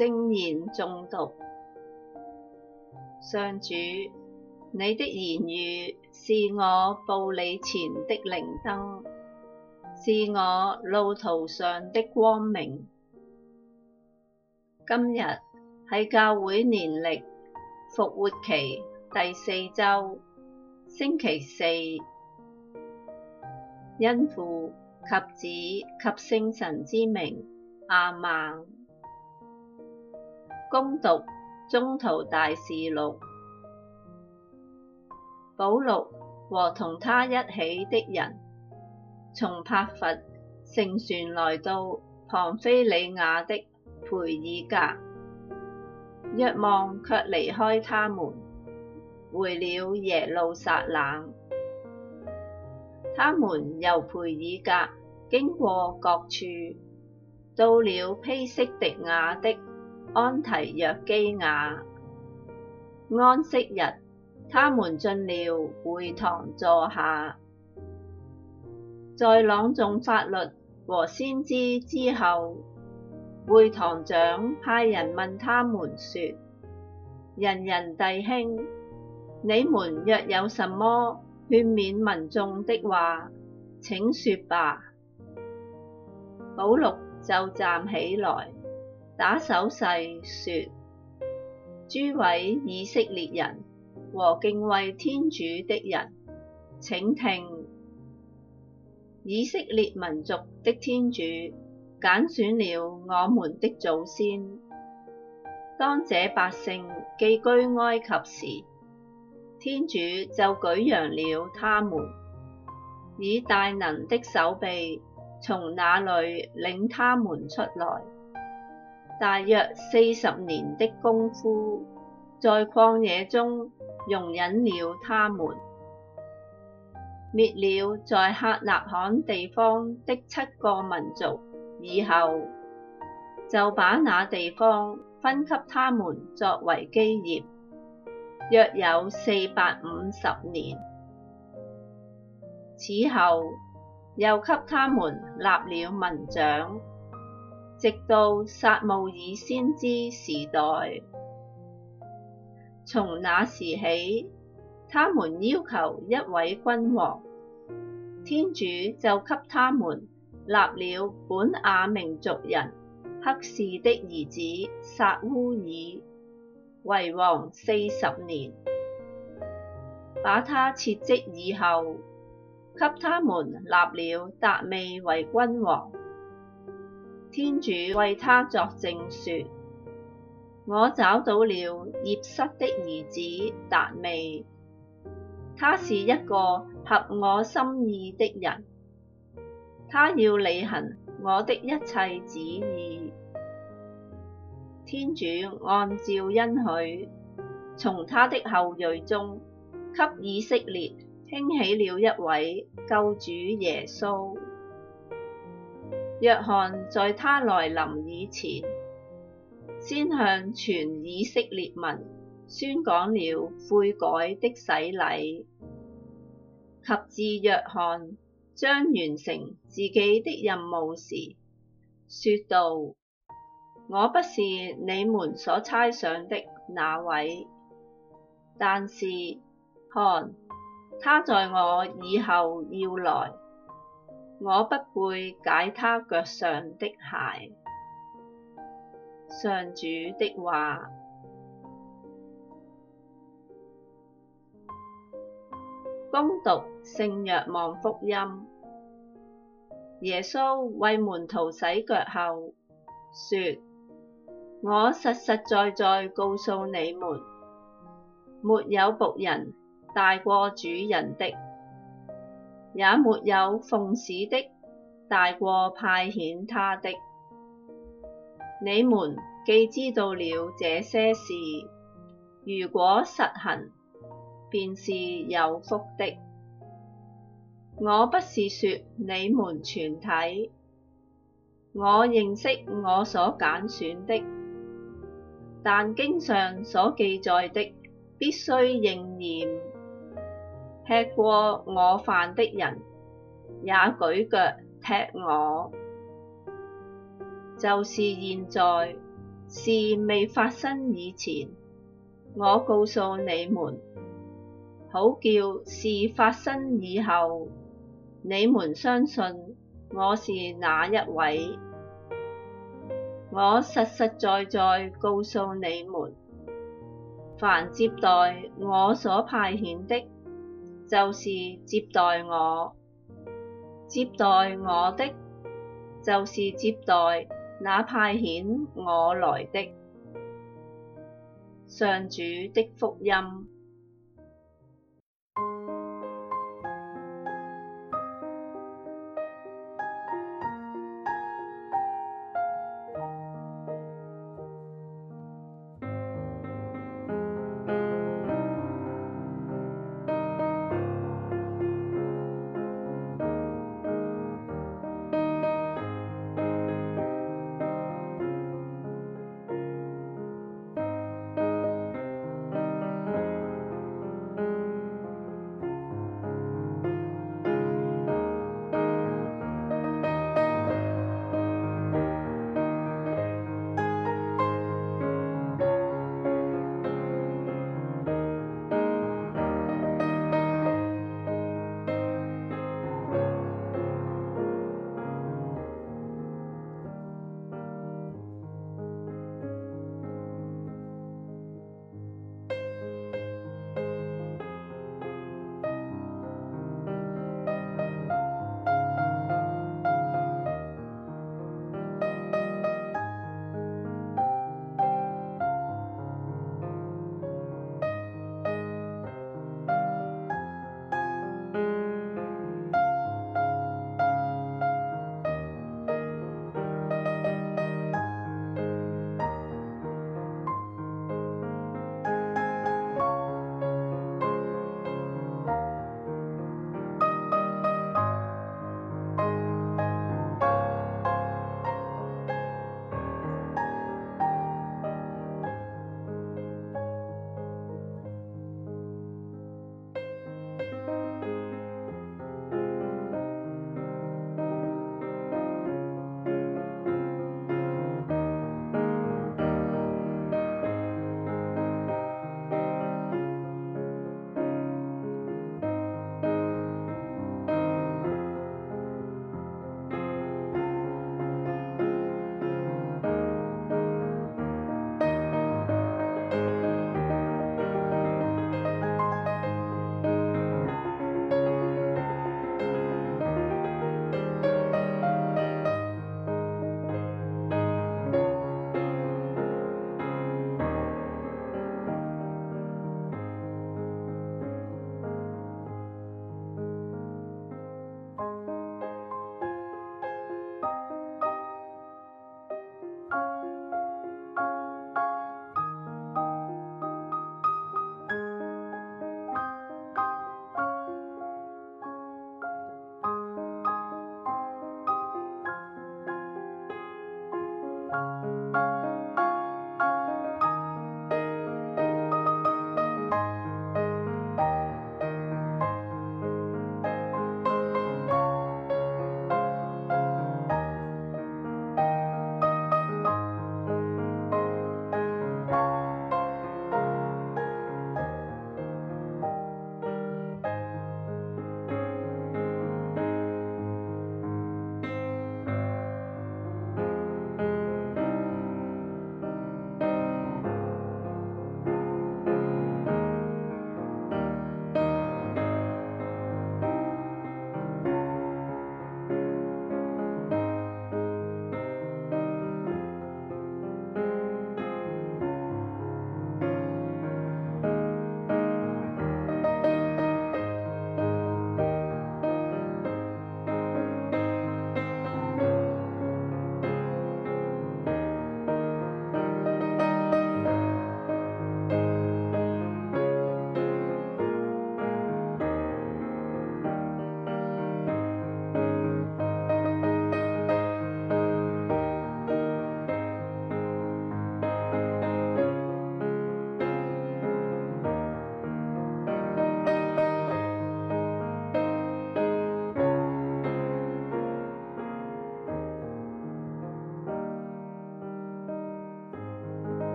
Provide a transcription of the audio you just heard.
聖言誦讀，上主，你的言語是我步履前的靈燈，是我路途上的光明。今日喺教會年曆復活期第四周，星期四，因父及子及聖神之名，阿們。恭讀宗徒大事錄，保祿和同他一起的人，從帕佛乘船來到旁非里雅的培爾革，若望卻離開他們，回了耶路撒冷。他們由培爾革經過各處，到了丕息狄雅的。安提約基雅。安息日，他們進了會堂坐下。在朗誦法律和先知之後，會堂長派人問他們說：「仁人弟兄，你們若有什麼勸勉民眾的話，請說吧。」保祿就站起來。打手勢，說：諸位以色列人和敬畏天主的人，請聽！以色列民族的天主揀選了我們的祖先。當這百姓寄居埃及時，天主就舉揚了他們，以大能的手臂從那裏領他們出來。大約四十年的工夫，在曠野中容忍了他們，滅了在客納罕地方的七個民族以後，就把那地方分給他們作為基業，約有四百五十年。此後又給他們立了民長。直到撒慕爾先知時代，從那時起，他們要求一位君王，天主就給他們立了本雅明族人克士的兒子撒烏耳，為王四十年，把他撤職以後，給他們立了達味為君王。天主為他作證說：我找到了葉瑟的兒子達味，他是一個合我心意的人，他要履行我的一切旨意。天主按照恩許，從他的後裔中給以色列興起了一位救主耶穌。若翰在他來臨以前，先向全以色列民宣講了悔改的洗禮，及至若翰將完成自己的任務時，說道：我不是你們所猜想的那位，但是看，他在我以後要來。我不配解他腳上的鞋。上主的話，恭讀聖若望福音。耶穌為門徒洗腳後，說：我實實在在告訴你們，沒有僕人大過主人的。也沒有奉使的大過派遣他的。你們既知道了這些事，如果實行，便是有福的。我不是說你們全體，我認識我所揀選的，但經上所記載的，必須應驗。吃過我飯的人，也舉腳踢我，就是現在事未發生以前，我告訴你們，好叫事發生以後，你們相信我是那一位。我實實在在告訴你們，凡接待我所派遣的。就是接待我，接待我的，就是接待那派遣我來的，上主的福音。